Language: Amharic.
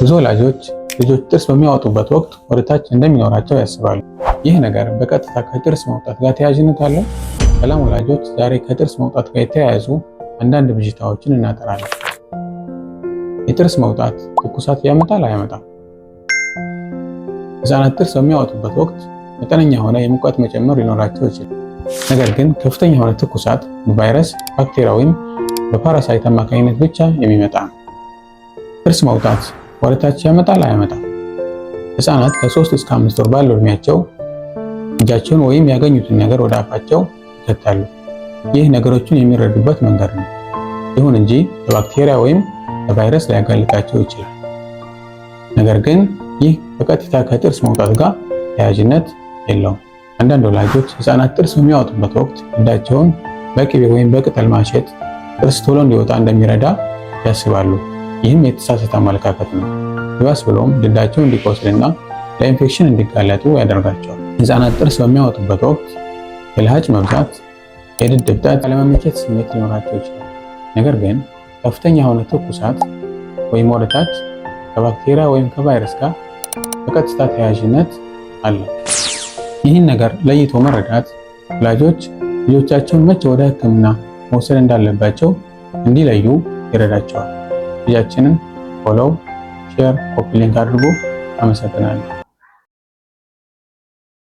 ብዙ ወላጆች ልጆች ጥርስ በሚያወጡበት ወቅት ወደታች እንደሚኖራቸው ያስባሉ። ይህ ነገር በቀጥታ ከጥርስ መውጣት ጋር ተያያዥነት አለው? ሰላም ወላጆች፣ ዛሬ ከጥርስ መውጣት ጋር የተያያዙ አንዳንድ ብዥታዎችን እናጠራለን። የጥርስ መውጣት ትኩሳት ያመጣል አያመጣም? ህፃናት ጥርስ በሚያወጡበት ወቅት መጠነኛ የሆነ የሙቀት መጨመር ሊኖራቸው ይችላል። ነገር ግን ከፍተኛ የሆነ ትኩሳት በቫይረስ ባክቴሪያ፣ ወይም በፓራሳይት አማካኝነት ብቻ የሚመጣ ነው። ጥርስ መውጣት ወደታች ያመጣል አያመጣም። ህፃናት ከሶስት እስከ አምስት ወር ባለው እድሜያቸው እጃቸውን ወይም ያገኙትን ነገር ወደ አፋቸው ይከታሉ። ይህ ነገሮችን የሚረዱበት መንገድ ነው። ይሁን እንጂ በባክቴሪያ ወይም ለቫይረስ ሊያጋልጣቸው ይችላል። ነገር ግን ይህ በቀጥታ ከጥርስ መውጣት ጋር ተያያዥነት የለውም። አንዳንድ ወላጆች ህፃናት ጥርስ በሚያወጡበት ወቅት እዳቸውን በቅቤ ወይም በቅጠል ማሸት ጥርስ ቶሎ እንዲወጣ እንደሚረዳ ያስባሉ። ይህም የተሳሳተ አመለካከት ነው። ይባስ ብሎም ድዳቸው እንዲቆስልና ለኢንፌክሽን እንዲጋለጡ ያደርጋቸዋል። ህፃናት ጥርስ በሚያወጡበት ወቅት የልሃጭ መብዛት፣ የድድ እብጠት፣ አለመመቸት ስሜት ሊኖራቸው ይችላል። ነገር ግን ከፍተኛ የሆነ ትኩሳት ወይም ወደታች ከባክቴሪያ ወይም ከቫይረስ ጋር በቀጥታ ተያያዥነት አለው። ይህን ነገር ለይቶ መረዳት ወላጆች ልጆቻቸውን መቼ ወደ ህክምና መውሰድ እንዳለባቸው እንዲለዩ ይረዳቸዋል። ልጃችንን ፎሎው፣ ሼር፣ ኮፒ ሊንክ አድርጉ። አመሰግናለሁ።